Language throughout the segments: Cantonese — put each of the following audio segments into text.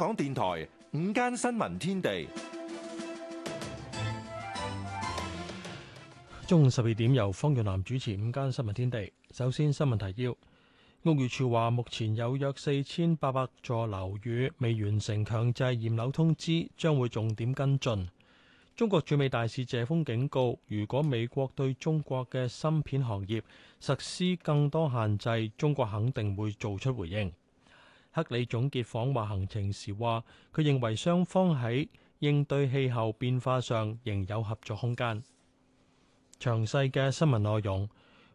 香港電台午間新聞天地，中午十二點由方潤南主持《午間新聞天地》。首先新聞提要：屋宇署話，目前有約四千八百座樓宇未完成強制驗樓通知，將會重點跟進。中國駐美大使謝鋒警告：如果美國對中國嘅芯片行業實施更多限制，中國肯定會做出回應。克里總結訪華行程時話，佢認為雙方喺應對氣候變化上仍有合作空間。詳細嘅新聞內容，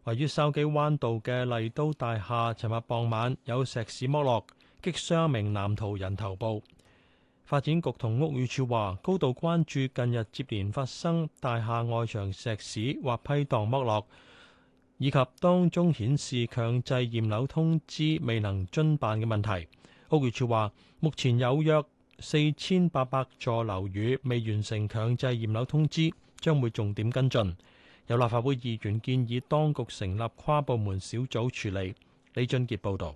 位於筲箕灣道嘅麗都大廈，尋日傍晚有石屎剝落，擊傷一名男途人頭部。發展局同屋宇處話，高度關注近日接連發生大廈外牆石屎或批盪剝落。以及當中顯示強制驗樓通知未能遵辦嘅問題，屋宇署話目前有約四千八百座樓宇未完成強制驗樓通知，將會重點跟進。有立法會議員建議當局成立跨部門小組處理。李俊傑報導，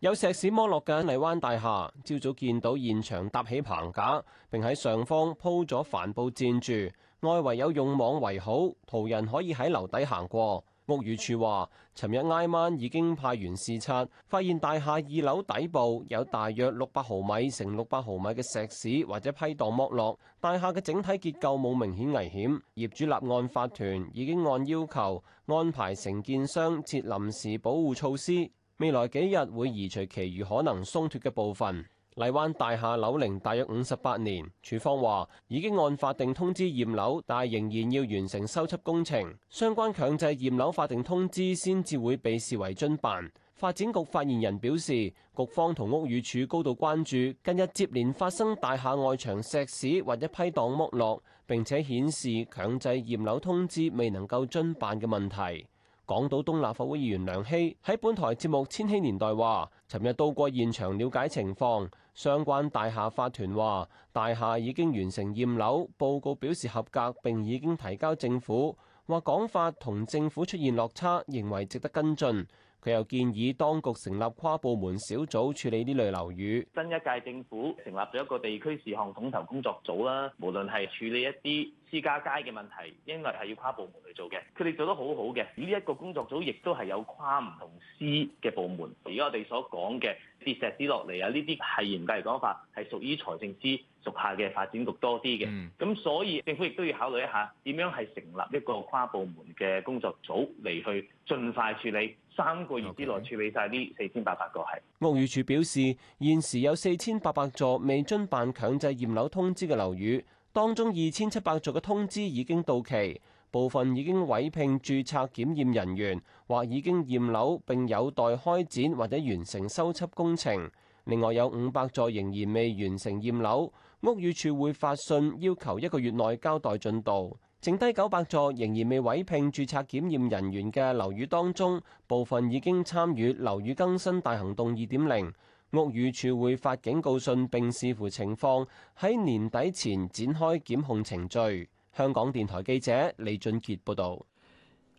有石屎剝落嘅麗灣大廈，朝早見到現場搭起棚架，並喺上方鋪咗帆布墊住，外圍有用網圍好，途人可以喺樓底行過。屋宇署話，尋日挨晚已經派員視察，發現大廈二樓底部有大約六百毫米乘六百毫米嘅石屎或者批盪剝落，大廈嘅整體結構冇明顯危險。業主立案法團已經按要求安排承建商設臨時保護措施，未來幾日會移除其餘可能鬆脱嘅部分。荔灣大廈樓齡大約五十八年，署方話已經按法定通知驗樓，但係仍然要完成修葺工程，相關強制驗樓法定通知先至會被視為遵辦。發展局發言人表示，局方同屋宇署高度關注近日接連發生大廈外牆石屎或批盪剝落，並且顯示強制驗樓通知未能夠遵辦嘅問題。港島東立法會議員梁熙喺本台節目《千禧年代》話，尋日到過現場了解情況。相關大廈法團話：大廈已經完成驗樓，報告表示合格並已經提交政府。話講法同政府出現落差，認為值得跟進。佢又建議當局成立跨部門小組處理呢類樓宇。新一屆政府成立咗一個地區事項統籌工作組啦，無論係處理一啲私家街嘅問題，應該係要跨部門去做嘅。佢哋做得好好嘅，呢一個工作組亦都係有跨唔同司嘅部門。而家我哋所講嘅。跌石屎落嚟啊！呢啲係嚴格嚟講法，係屬於財政司屬下嘅發展局多啲嘅。咁所以政府亦都要考慮一下點樣，係成立一個跨部門嘅工作組嚟去盡快處理三個月之內處理晒呢四千八百個係。屋宇署表示，現時有四千八百座未遵辦強制驗樓通知嘅樓宇，當中二千七百座嘅通知已經到期。部分已經委聘註冊檢驗人員，或已經驗樓並有待開展或者完成收葺工程。另外有五百座仍然未完成驗樓，屋宇處會發信要求一個月內交代進度。剩低九百座仍然未委聘註冊檢驗人員嘅樓宇當中，部分已經參與樓宇更新大行動二點零，屋宇處會發警告信並視乎情況喺年底前展開檢控程序。香港電台記者李俊杰報道，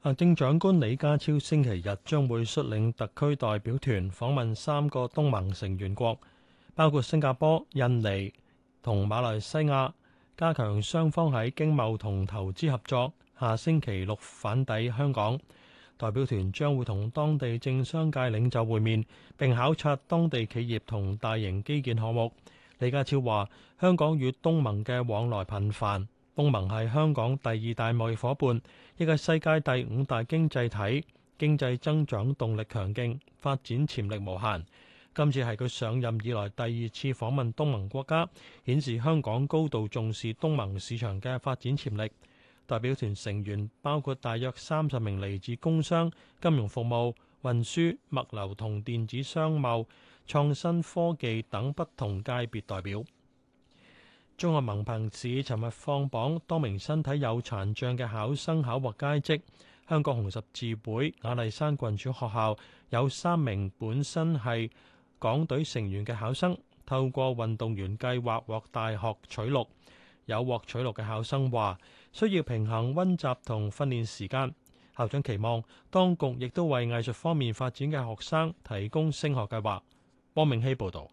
行政長官李家超星期日將會率領特區代表團訪問三個東盟成員國，包括新加坡、印尼同馬來西亞，加強雙方喺經貿同投資合作。下星期六返抵香港，代表團將會同當地政商界領袖會面，並考察當地企業同大型基建項目。李家超話：香港與東盟嘅往來頻繁。東盟係香港第二大貿易夥伴，亦係世界第五大經濟體，經濟增長動力強勁，發展潛力無限。今次係佢上任以來第二次訪問東盟國家，顯示香港高度重視東盟市場嘅發展潛力。代表團成員包括大約三十名嚟自工商、金融服務、運輸、物流同電子商貿、創新科技等不同界別代表。中學文憑試尋日放榜，多名身體有殘障嘅考生考獲佳績。香港紅十字會雅麗珊郡主學校有三名本身係港隊成員嘅考生，透過運動員計劃獲大學取錄。有獲取錄嘅考生話，需要平衡温習同訓練時間。校長期望當局亦都為藝術方面發展嘅學生提供升學計劃。汪明希報導。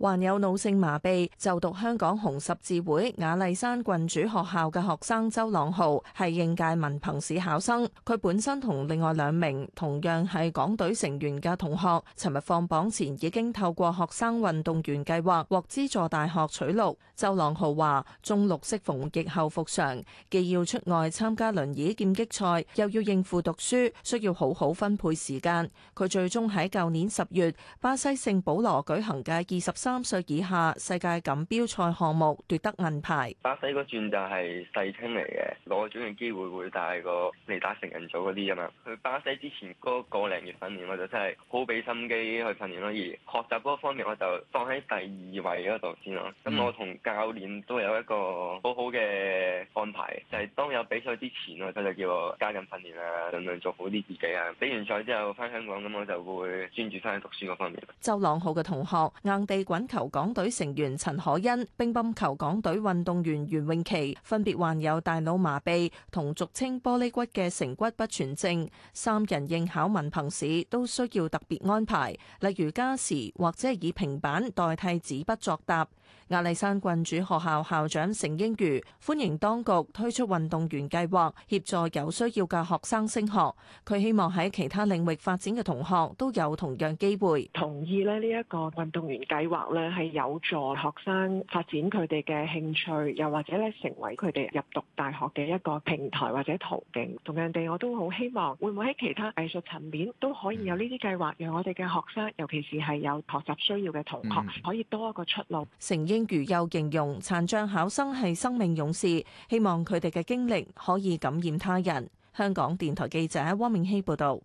患有腦性麻痹就讀香港紅十字會雅麗珊郡主學校嘅學生周朗豪係應屆文憑試考生。佢本身同另外兩名同樣係港隊成員嘅同學，尋日放榜前已經透過學生運動員計劃獲資助大學取錄。周朗豪話：中六適逢疫後復常，既要出外參加輪椅劍擊賽，又要應付讀書，需要好好分配時間。佢最終喺舊年十月巴西聖保羅舉行嘅二十三三歲以下世界錦標賽項目奪得銀牌。巴西嗰轉就係世青嚟嘅，攞獎嘅機會會大過嚟打成人組嗰啲吖嘛。去巴西之前嗰個零月訓練，我就真係好俾心機去訓練咯。而學習嗰方面，我就放喺第二位嗰度先咯。咁我同教練都有一個好好嘅安排，就係當有比賽之前咯，佢就叫我加緊訓練啊，盡量做好啲自己啊。比完賽之後翻香港，咁我就會專注翻去讀書嗰方面。周朗浩嘅同學硬地滾板球港隊成員陳可欣、乒乓球港隊運動員袁詠琪分別患有大腦麻痹同俗稱玻璃骨嘅成骨不全症，三人應考文憑試都需要特別安排，例如加時或者以平板代替紙筆作答。亞歷山郡主學校校長盛英如歡迎當局推出運動員計劃，協助有需要嘅學生升學。佢希望喺其他領域發展嘅同學都有同樣機會。同意咧，呢一個運動員計劃，呢係有助學生發展佢哋嘅興趣，又或者咧，成為佢哋入讀大學嘅一個平台或者途徑。同樣地，我都好希望會唔會喺其他藝術層面都可以有呢啲計劃，讓我哋嘅學生，尤其是係有學習需要嘅同學，可以多一個出路。嗯英如又形容殘障考生係生命勇士，希望佢哋嘅經歷可以感染他人。香港電台記者汪明希報導。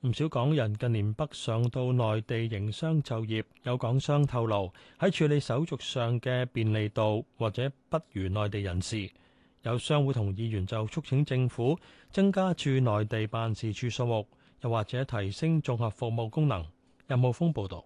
唔少港人近年北上到內地營商就業，有港商透露喺處理手續上嘅便利度或者不如內地人士。有商會同議員就促請政府增加駐內地辦事處數目，又或者提升綜合服務功能。任浩峯報導。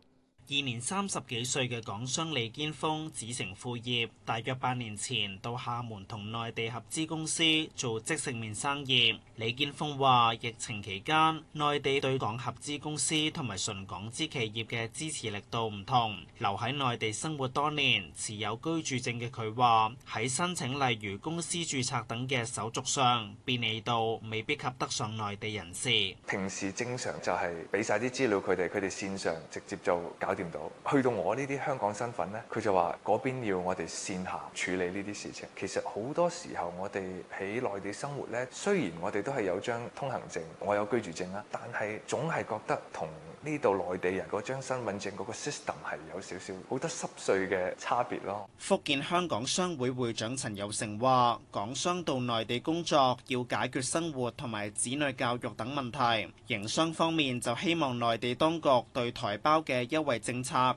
現年三十幾歲嘅港商李堅峰子承父業，大約八年前到廈門同內地合資公司做即食麵生意。李堅峰話疫情期間內地對港合資公司同埋純港資企業嘅支持力度唔同。留喺內地生活多年，持有居住證嘅佢話，喺申請例如公司註冊等嘅手續上，便利度未必及得上內地人士。平時正常就係俾晒啲資料佢哋，佢哋綫上直接就搞。見到，去到我呢啲香港身份咧，佢就話：「嗰邊要我哋線下處理呢啲事情。」其實好多時候，我哋喺內地生活咧，雖然我哋都係有張通行證，我有居住證啦，但係總係覺得同。呢度內地人嗰張身份證嗰個 system 係有少少，好多濕碎嘅差別咯。福建香港商會會長陳有成話：港商到內地工作要解決生活同埋子女教育等問題，營商方面就希望內地當局對台胞嘅優惠政策。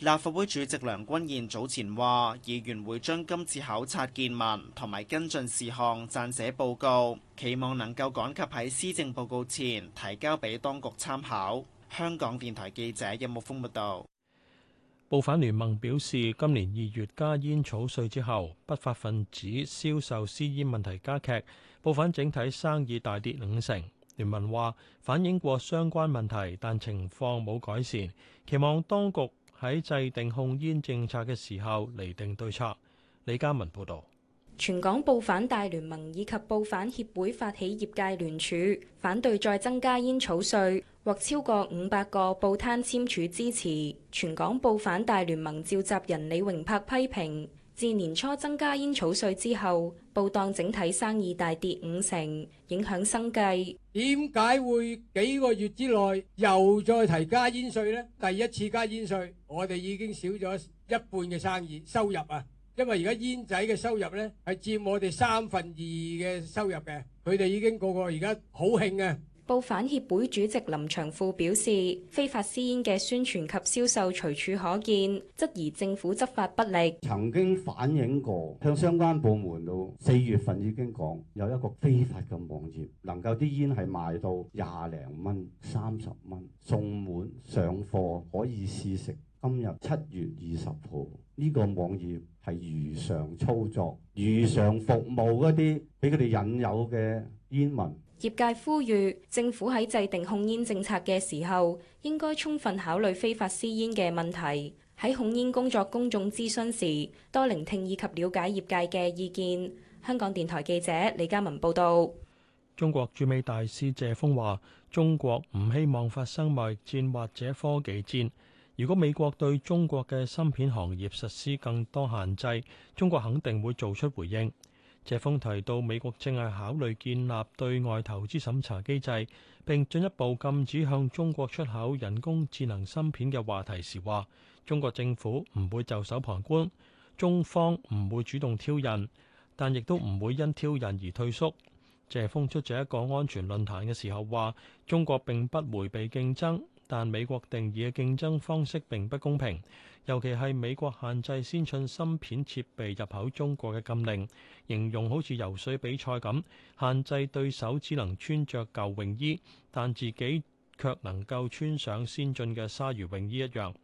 立法會主席梁君彥早前話，議員會將今次考察見聞同埋跟進事項撰寫報告，期望能夠趕及喺施政報告前提交俾當局參考。香港電台記者任木峯報道。報販聯盟表示，今年二月加煙草稅之後，不法分子銷售私煙問題加劇，報販整體生意大跌兩成。聯盟話反映過相關問題，但情況冇改善，期望當局喺制定控煙政策嘅時候，釐定對策。李嘉文報導，全港報販大聯盟以及報販協會發起業界聯署，反對再增加煙草稅，獲超過五百個報攤簽署支持。全港報販大聯盟召集人李榮柏批評。自年初增加煙草稅之後，報檔整體生意大跌五成，影響生計。點解會幾個月之內又再提加煙稅呢？第一次加煙稅，我哋已經少咗一半嘅生意收入啊！因為而家煙仔嘅收入呢，係佔我哋三分二嘅收入嘅，佢哋已經個個而家好慶啊！報反協會主席林長富表示，非法私煙嘅宣傳及銷售隨處可見，質疑政府執法不力。曾經反映過向相關部門，到四月份已經講有一個非法嘅網頁，能夠啲煙係賣到廿零蚊、三十蚊，送滿上貨可以試食。今日七月二十號，呢個網頁係如常操作、如常服務一啲俾佢哋引誘嘅煙民。業界呼籲政府喺制定控煙政策嘅時候，應該充分考慮非法私煙嘅問題；喺控煙工作公眾諮詢時，多聆聽以及了解業界嘅意見。香港電台記者李嘉文報道。中國駐美大使謝峰話：中國唔希望發生貿易戰或者科技戰。如果美國對中國嘅芯片行業實施更多限制，中國肯定會做出回應。謝峰提到美國正係考慮建立對外投資審查機制，並進一步禁止向中國出口人工智能芯片嘅話題時，話中國政府唔會袖手旁觀，中方唔會主動挑釁，但亦都唔會因挑釁而退縮。謝峰出席一個安全論壇嘅時候話：中國並不迴避競爭。但美國定義嘅競爭方式並不公平，尤其係美國限制先進芯片設備入口中國嘅禁令，形容好似游水比賽咁，限制對手只能穿着舊泳衣，但自己卻能夠穿上先進嘅鯊魚泳衣一樣。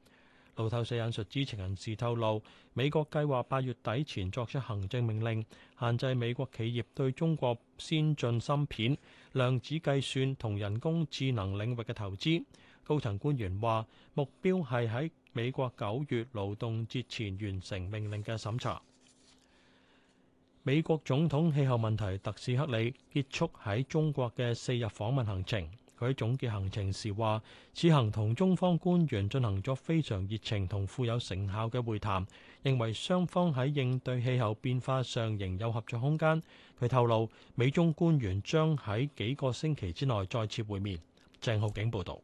路透社引述知情人士透露，美國計劃八月底前作出行政命令，限制美國企業對中國先進芯片、量子計算同人工智能領域嘅投資。高層官員話，目標係喺美國九月勞動節前完成命令嘅審查。美國總統氣候問題特使克里結束喺中國嘅四日訪問行程。佢喺總結行程時話，此行同中方官員進行咗非常熱情同富有成效嘅會談，認為雙方喺應對氣候變化上仍有合作空間。佢透露，美中官員將喺幾個星期之內再次會面。鄭浩景報道。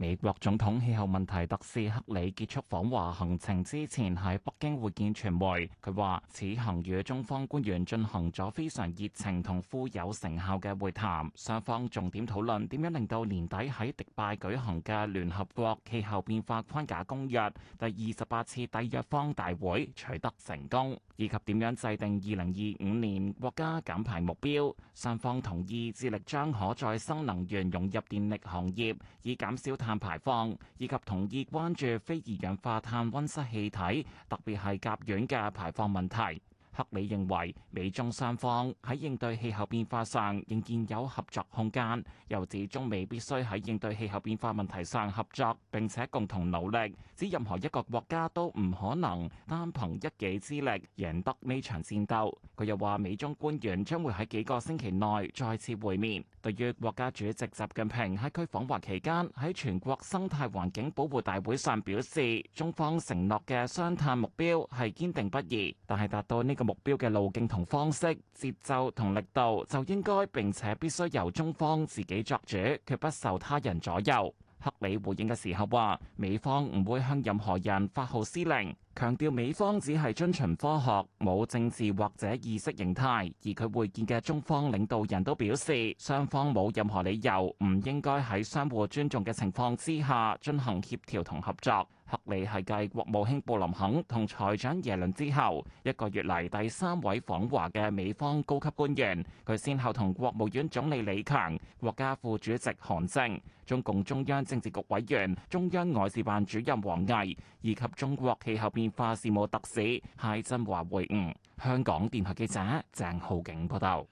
美國總統氣候問題特使克里結束訪華行程之前喺北京會見傳媒，佢話此行與中方官員進行咗非常熱情同富有成效嘅會談，雙方重點討論點樣令到年底喺迪拜舉行嘅聯合國氣候變化框架公約第二十八次締約方大會取得成功，以及點樣制定二零二五年國家減排目標。雙方同意致力將可再生能源融入電力行業，以減少碳碳排放，以及同意關注非二氧化碳溫室氣體，特別係甲烷嘅排放問題。克里認為美中雙方喺應對氣候變化上仍然有合作空間，又指中美必須喺應對氣候變化問題上合作，並且共同努力，指任何一個國家都唔可能單憑一己之力贏得呢場戰鬥，佢又話美中官員將會喺幾個星期內再次會面。對於國家主席習近平喺佢訪華期間喺全國生態環境保護大會上表示，中方承諾嘅雙碳目標係堅定不移，但係達到呢、這個。嘅目標嘅路徑同方式、節奏同力度，就應該並且必須由中方自己作主，決不受他人左右。克里回應嘅時候話：美方唔會向任何人發號施令，強調美方只係遵循科學，冇政治或者意識形態。而佢會見嘅中方領導人都表示，雙方冇任何理由唔應該喺相互尊重嘅情況之下進行協調同合作。克里係繼國務卿布林肯同財長耶倫之後，一個月嚟，第三位訪華嘅美方高級官員，佢先後同國務院總理李強、國家副主席韓正、中共中央政治局委員、中央外事辦主任王毅以及中國氣候變化事務特使解振華會晤。香港電台記者鄭浩景報道。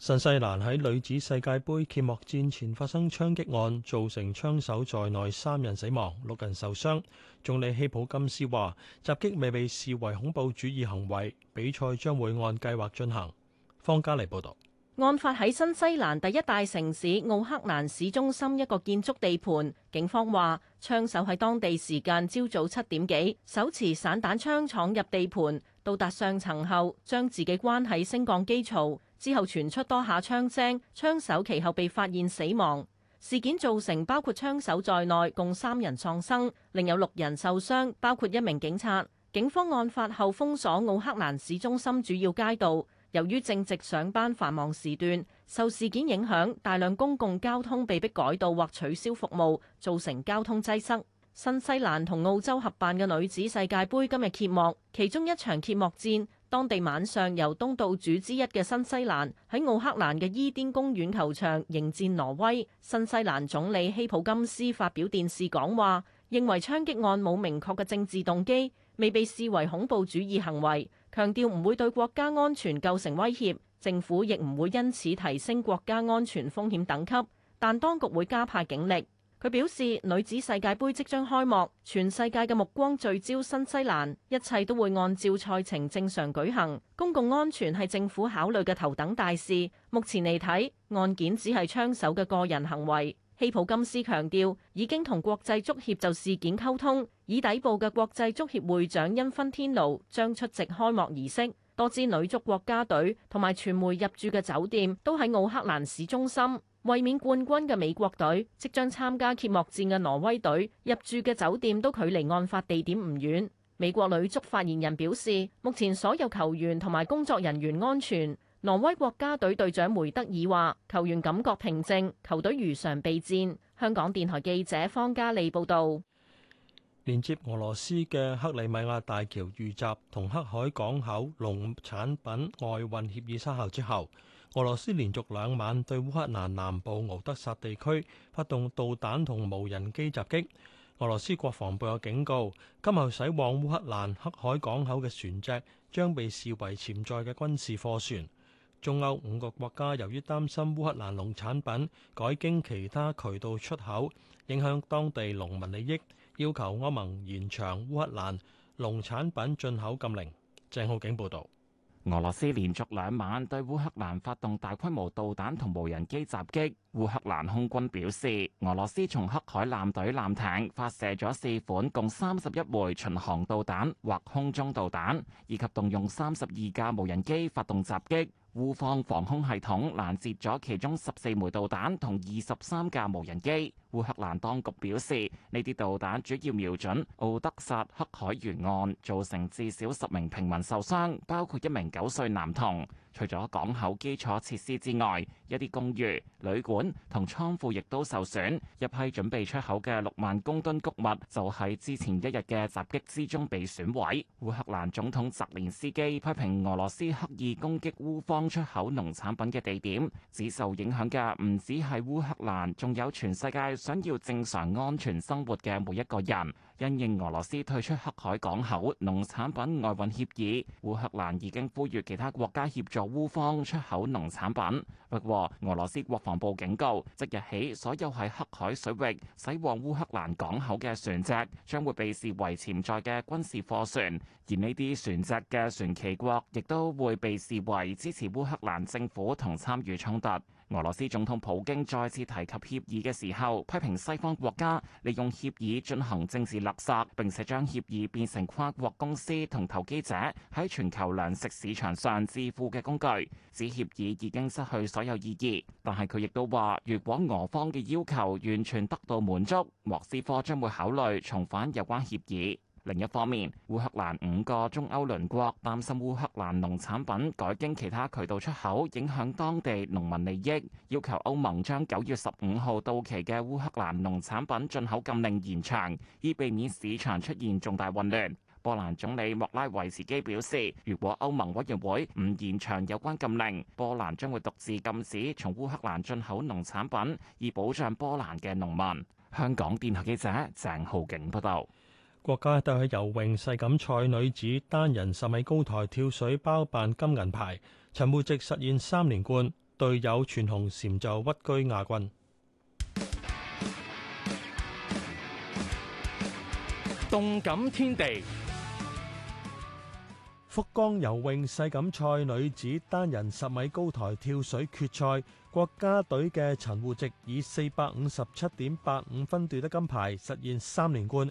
新西蘭喺女子世界杯揭幕戰前發生槍擊案，造成槍手在內三人死亡，六人受傷。總理希普金斯話，襲擊未被視為恐怖主義行為，比賽將會按計劃進行。方嘉麗報道。案發喺新西蘭第一大城市奧克蘭市中心一個建築地盤，警方話槍手喺當地時間朝早七點幾，手持散彈槍闖入地盤，到達上層後將自己關喺升降機槽。之後傳出多下槍聲，槍手其後被發現死亡。事件造成包括槍手在內共三人喪生，另有六人受傷，包括一名警察。警方案發後封鎖奧克蘭市中心主要街道。由於正值上班繁忙時段，受事件影響，大量公共交通被迫改道或取消服務，造成交通擠塞。新西蘭同澳洲合辦嘅女子世界杯今日揭幕，其中一場揭幕戰。當地晚上由東道主之一嘅新西蘭喺奧克蘭嘅伊甸公園球場迎戰挪威。新西蘭總理希普金斯發表電視講話，認為槍擊案冇明確嘅政治動機，未被視為恐怖主義行為，強調唔會對國家安全構成威脅，政府亦唔會因此提升國家安全風險等級，但當局會加派警力。佢表示女子世界杯即將開幕，全世界嘅目光聚焦新西蘭，一切都會按照賽程正常舉行。公共安全係政府考慮嘅頭等大事。目前嚟睇，案件只係槍手嘅個人行為，希普金斯強調已經同國際足協就事件溝通，已抵步嘅國際足協會長恩芬天奴將出席開幕儀式。多支女足國家隊同埋傳媒入住嘅酒店都喺奧克蘭市中心。衛冕冠軍嘅美國隊，即將參加揭幕戰嘅挪威隊入住嘅酒店都距離案發地點唔遠。美國女足發言人表示，目前所有球員同埋工作人員安全。挪威國家隊隊長梅德爾話：球員感覺平靜，球隊如常備戰。香港電台記者方嘉莉報道。連接俄羅斯嘅克里米亞大橋遇襲同黑海港口農產品外運協議生效之後。俄羅斯連續兩晚對烏克蘭南部敖德薩地區發動導彈同無人機襲擊。俄羅斯國防部有警告，今後駛往烏克蘭黑海港口嘅船隻將被視為潛在嘅軍事貨船。中歐五個國家由於擔心烏克蘭農產品改經其他渠道出口，影響當地農民利益，要求歐盟延長烏克蘭農產品進口禁令。鄭浩景報導。俄羅斯連續兩晚對烏克蘭發動大規模導彈同無人機襲擊。烏克蘭空軍表示，俄羅斯從黑海艦隊艦艇發射咗四款共三十一枚巡航導彈或空中導彈，以及動用三十二架無人機發動襲擊。烏方防空系統攔截咗其中十四枚導彈同二十三架無人機。烏克蘭當局表示，呢啲導彈主要瞄準奧德薩黑海沿岸，造成至少十名平民受傷，包括一名九歲男童。除咗港口基礎設施之外，一啲公寓、旅館同倉庫亦都受損。一批準備出口嘅六萬公噸穀物就喺之前一日嘅襲擊之中被損毀。烏克蘭總統澤連斯基批評俄羅斯刻意攻擊烏方出口農產品嘅地點，只受影響嘅唔止係烏克蘭，仲有全世界。想要正常安全生活嘅每一個人。因應俄羅斯退出黑海港口農產品外運協議，烏克蘭已經呼籲其他國家協助烏方出口農產品。不過俄羅斯國防部警告，即日起所有喺黑海水域駛往烏克蘭港口嘅船隻將會被視為潛在嘅軍事貨船，而呢啲船隻嘅船旗國亦都會被視為支持烏克蘭政府同參與衝突。俄羅斯總統普京再次提及協議嘅時候，批評西方國家利用協議進行政治勒索，並且將協議變成跨國公司同投機者喺全球糧食市場上致富嘅工具，指協議已經失去所有意義。但係佢亦都話，如果俄方嘅要求完全得到滿足，莫斯科將會考慮重返有關協議。另一方面，烏克蘭五個中歐鄰國擔心烏克蘭農產品改經其他渠道出口，影響當地農民利益，要求歐盟將九月十五號到期嘅烏克蘭農產品進口禁令延長，以避免市場出現重大混亂。波蘭總理莫拉維茨基表示，如果歐盟委員會唔延長有關禁令，波蘭將會獨自禁止從烏克蘭進口農產品，以保障波蘭嘅農民。香港電台記者鄭浩景報道。國家隊喺游泳世錦賽女子單人十米高台跳水包辦金銀牌，陳芋汐實現三連冠，隊友全紅嬋就屈居亞軍。動感天地，福岡游泳世錦賽女子單人十米高台跳水決賽，國家隊嘅陳芋汐以四百五十七點八五分奪得金牌，實現三連冠。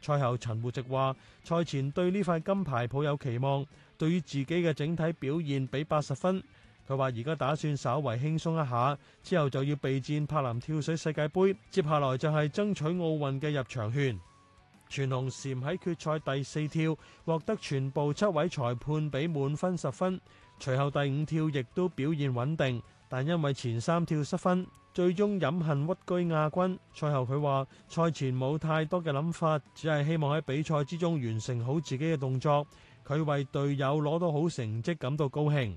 賽後，陳芋汐話：賽前對呢塊金牌抱有期望，對於自己嘅整體表現俾八十分。佢話：而家打算稍微輕鬆一下，之後就要備戰柏林跳水世界盃，接下來就係爭取奧運嘅入場券。全紅嬋喺決賽第四跳獲得全部七位裁判俾滿分十分，隨後第五跳亦都表現穩定。但因為前三跳失分，最終飲恨屈居亞軍。賽後佢話：賽前冇太多嘅諗法，只係希望喺比賽之中完成好自己嘅動作。佢為隊友攞到好成績感到高興。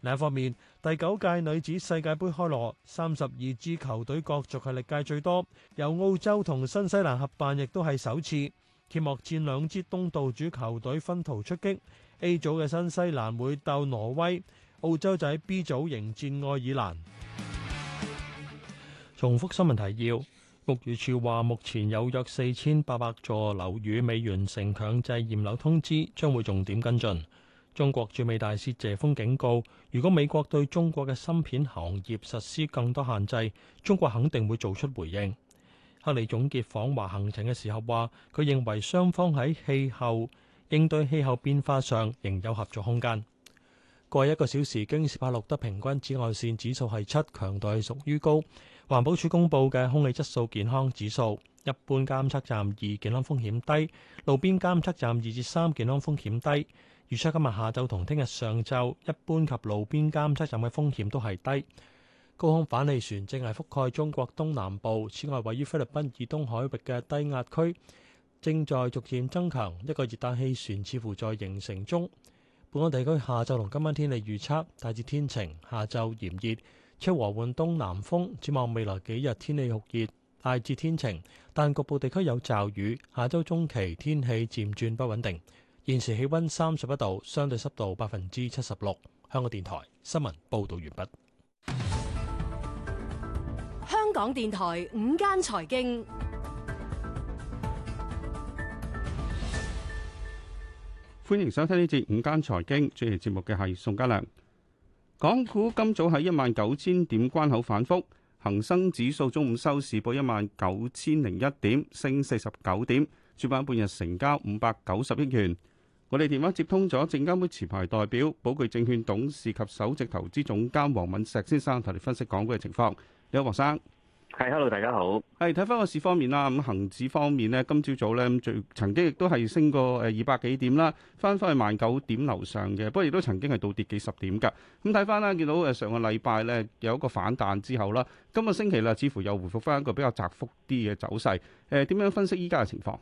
另一方面，第九屆女子世界盃開鑼三十二支球隊角逐係歷屆最多，由澳洲同新西蘭合辦，亦都係首次揭幕戰兩支東道主球隊分途出擊。A 組嘅新西蘭會鬥挪威。澳洲仔 B 組迎戰愛爾蘭。重複新聞提要，屋宇署話目前有約四千八百座樓宇未完成強制驗樓通知，將會重點跟進。中國駐美大使謝峰警告，如果美國對中國嘅芯片行業實施更多限制，中國肯定會做出回應。克里總結訪華行程嘅時候話，佢認為雙方喺氣候應對氣候變化上仍有合作空間。過一個小時，京士柏錄得平均紫外線指數係七，強度係屬於高。環保署公布嘅空氣質素健康指數，一般監測站二，健康風險低，路邊監測站二至三，健康風險低。預測今日下晝同聽日上晝，一般及路邊監測站嘅風險都係低。高空反氣旋正係覆蓋中國東南部，此外位於菲律賓以東海域嘅低壓區正在逐漸增強，一個熱帶氣旋似乎在形成中。本港地區下晝同今晚天氣預測，大致天晴，下晝炎熱，吹和緩東南風，展望未來幾日天氣酷熱，大致天晴，但局部地區有驟雨。下周中期天氣漸轉不穩定。現時氣溫三十一度，相對濕度百分之七十六。香港電台新聞報道完畢，香港電台午間財經。歡迎收聽呢節午間財經主持節目嘅係宋家良。港股今早喺一萬九千點關口反覆，恒生指數中午收市報一萬九千零一點，升四十九點，主板半日成交五百九十億元。我哋電話接通咗證監會持牌代表、寶鉅證券董事及首席投資總監黃敏石先生，同你分析港股嘅情況。你好，黃生。係，hello，大家好。係睇翻個市方面啦，咁恒指方面咧，今朝早咧，咁最曾經亦都係升過誒二百幾點啦，翻翻去萬九點樓上嘅，不過亦都曾經係倒跌幾十點噶。咁睇翻啦，見到誒上個禮拜咧有一個反彈之後啦，今個星期啦，似乎又回復翻一個比較窄幅啲嘅走勢。誒點樣分析依家嘅情況？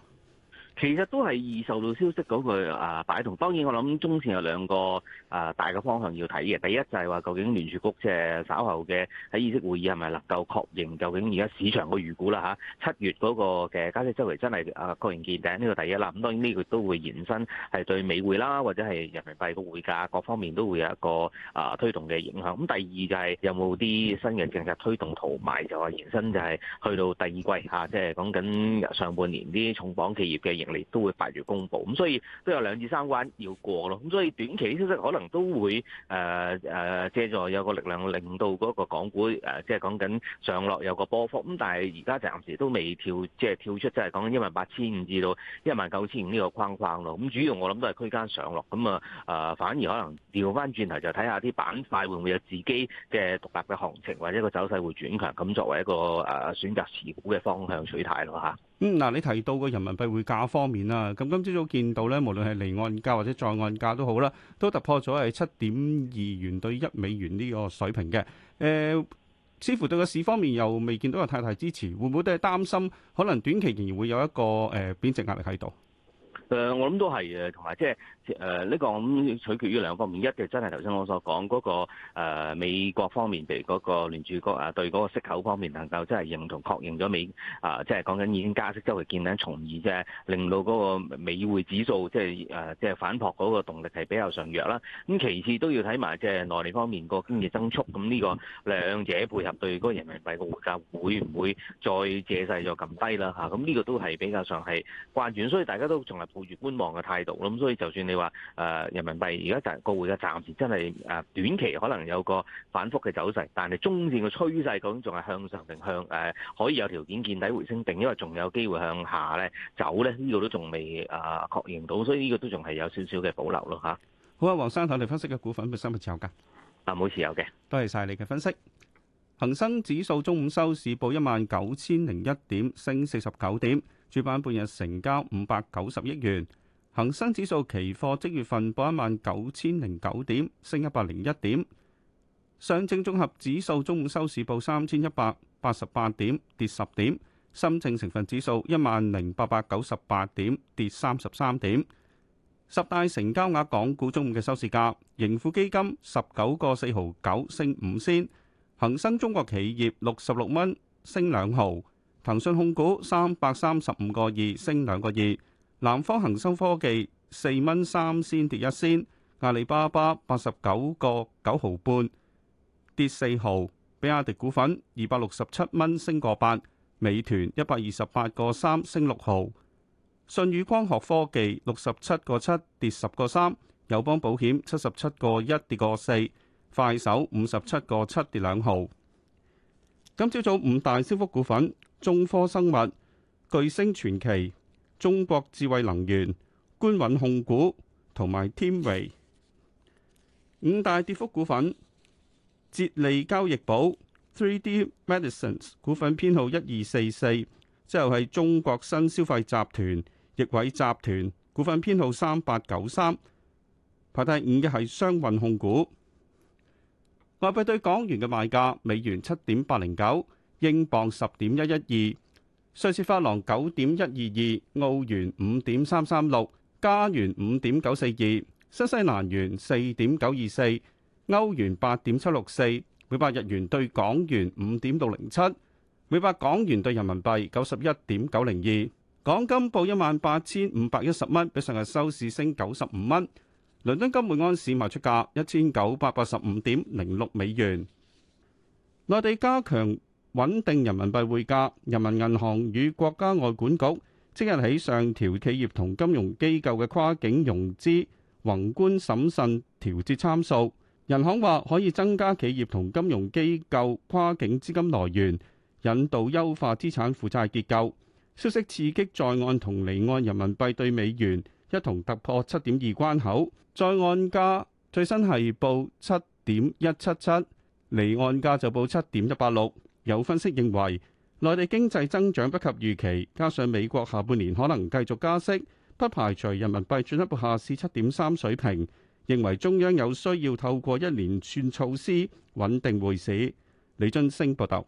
其實都係易受到消息嗰個啊擺動，當然我諗中線有兩個啊大嘅方向要睇嘅。第一就係話究竟聯儲局即係稍後嘅喺議息會議係咪能夠確認究竟而家市場嘅預估啦嚇？七月嗰個嘅加息周期真係啊確認見頂，呢個第一啦。咁當然呢個都會延伸係對美匯啦，或者係人民幣嘅匯價各方面都會有一個啊推動嘅影響。咁第二就係有冇啲新嘅政策推動淘買，就話延伸就係去到第二季嚇，即係講緊上半年啲重磅企業嘅營。都會發出公布，咁所以都有兩至三關要過咯，咁所以短期消息可能都會誒誒藉助有個力量令到嗰個港股誒、呃，即係講緊上落有個波幅，咁但係而家暫時都未跳，即係跳出即係講緊一萬八千五至到一萬九千五呢個框框咯，咁主要我諗都係區間上落，咁啊誒反而可能調翻轉頭就睇下啲板塊會唔會有自己嘅獨立嘅行情，或者個走勢會轉強，咁作為一個誒選擇持股嘅方向取態咯嚇。啊咁嗱、嗯啊，你提到個人民幣匯價方面啦，咁、嗯、今朝早見到咧，無論係離岸價或者在岸價都好啦，都突破咗係七點二元對一美元呢個水平嘅。誒、呃，似乎對個市方面又未見到有太大支持，會唔會都係擔心可能短期仍然會有一個誒貶值壓力喺度？誒，我諗都係嘅，同埋即係誒呢個咁、嗯、取決於兩方面，一就真係頭先我所講嗰、那個、呃、美國方面，譬如嗰個聯儲局啊，對嗰個息口方面能夠真係認同確認咗美啊、呃，即係講緊已經加息周期見頂從而啫，令到嗰個美匯指數即係誒即係反撲嗰個動力係比較上弱啦。咁其次都要睇埋即係內地方面個經濟增速，咁呢個兩者配合對嗰個人民幣個匯價會唔會再借勢再撳低啦？嚇，咁呢個都係比較上係關聯，所以大家都從嚟越觀望嘅態度，咁所以就算你話誒、呃、人民幣而家就係個匯嘅暫時真係誒、呃、短期可能有個反覆嘅走勢，但係中線嘅趨勢究竟仲係向上定向誒、呃、可以有條件見底回升定，因為仲有機會向下咧走咧，呢、這、度、個、都仲未誒確、呃、認到，所以呢個都仲係有少少嘅保留咯吓。啊好啊，黃生睇我哋分析嘅股份嘅新物持有噶，啊冇持有嘅，多謝晒你嘅分析。恒生指數中午收市報一萬九千零一點，升四十九點。主板半日成交五百九十億元，恒生指數期貨即月份報一萬九千零九點，升一百零一點。上證綜合指數中午收市報三千一百八十八點，跌十點。深證成分指數一萬零八百九十八點，跌三十三點。十大成交額港股中午嘅收市價，盈富基金十九個四毫九，升五仙。恒生中國企業六十六蚊，升兩毫。騰訊控股三百三十五個二升兩個二，南方恒生科技四蚊三先跌一仙，阿里巴巴八十九個九毫半跌四毫，比亞迪股份二百六十七蚊升個八，美團一百二十八個三升六毫，舜宇光學科技六十七個七跌十個三，友邦保險七十七個一跌個四，快手五十七個七跌兩毫。今朝早五大升幅股份。中科生物、巨星傳奇、中國智慧能源、官允控股同埋天威五大跌幅股份，捷利交易寶 3D Medicines 股份編號一二四四，之後係中國新消費集團、易偉集團股份編號三八九三，排第五嘅係商運控股。外幣對港元嘅賣價，美元七點八零九。英鎊十點一一二，瑞士法郎九點一二二，澳元五點三三六，加元五點九四二，新西蘭元四點九二四，歐元八點七六四，每百日元兌港元五點六零七，每百港元兌人民幣九十一點九零二。港金報一萬八千五百一十蚊，比上日收市升九十五蚊。倫敦金每安士賣出價一千九百八十五點零六美元。內地加強。穩定人民幣匯價，人民銀行與國家外管局即日起上調企業同金融機構嘅跨境融資宏觀審慎調節參數。人行話可以增加企業同金融機構跨境資金來源，引導優化資產負債結構。消息刺激在岸同離岸人民幣對美元一同突破七點二關口，在岸價最新係報七點一七七，離岸價就報七點一八六。有分析認為，內地經濟增長不及預期，加上美國下半年可能繼續加息，不排除人民幣進一步下試七點三水平。認為中央有需要透過一連串措施穩定匯市。李津升報道，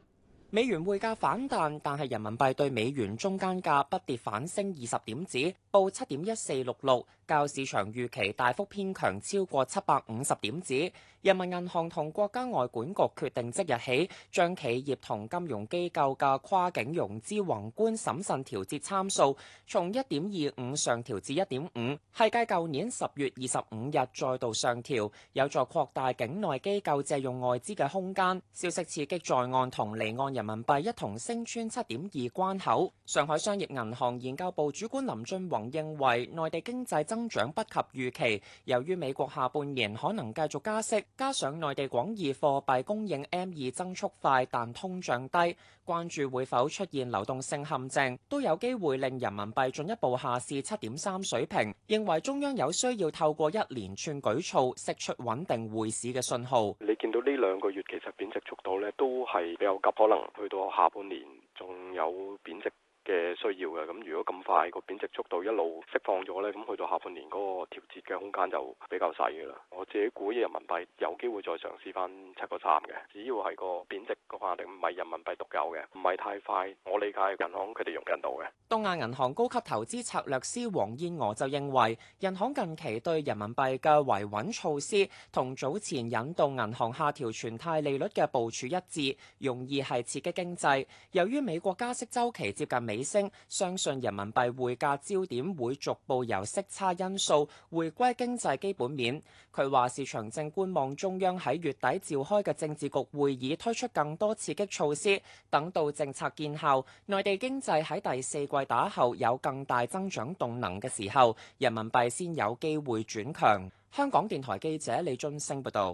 美元匯價反彈，但係人民幣對美元中間價不跌反升二十點子，報七點一四六六，較市場預期大幅偏強超過七百五十點子。人民銀行同國家外管局決定即日起將企業同金融機構嘅跨境融資宏觀審慎調節參數從一點二五上調至一點五，係計舊年十月二十五日再度上調，有助擴大境內機構借用外資嘅空間。消息刺激在岸同離岸人民幣一同升穿七點二關口。上海商業銀行研究部主管林俊宏認為，內地經濟增長不及預期，由於美國下半年可能繼續加息。加上內地廣義貨幣供應 M 二增速快，但通脹低，關注會否出現流動性陷阱，都有機會令人民幣進一步下試七點三水平。認為中央有需要透過一連串舉措釋出穩定匯市嘅信號。你見到呢兩個月其實貶值速度呢都係比較急，可能去到下半年仲有貶值嘅需要嘅，咁如果咁快個貶值速度一路釋放咗咧，咁去到下半年嗰個調節嘅空間就比較細嘅啦。我自己估人民幣有機會再嘗試翻七個三嘅，只要係個貶值個壓力唔係人民幣獨有嘅，唔係太快。我理解銀行佢哋容忍到嘅。東亞銀行高級投資策略師黃燕娥就認為，人行近期對人民幣嘅維穩措施同早前引導銀行下調存貸利率嘅部署一致，容易係刺激經濟，由於美國加息周期接近起升，相信人民幣匯價焦點會逐步由息差因素回歸經濟基本面。佢話市場正觀望中央喺月底召開嘅政治局會議推出更多刺激措施。等到政策見效，內地經濟喺第四季打後有更大增長動能嘅時候，人民幣先有機會轉強，香港電台記者李俊升報道。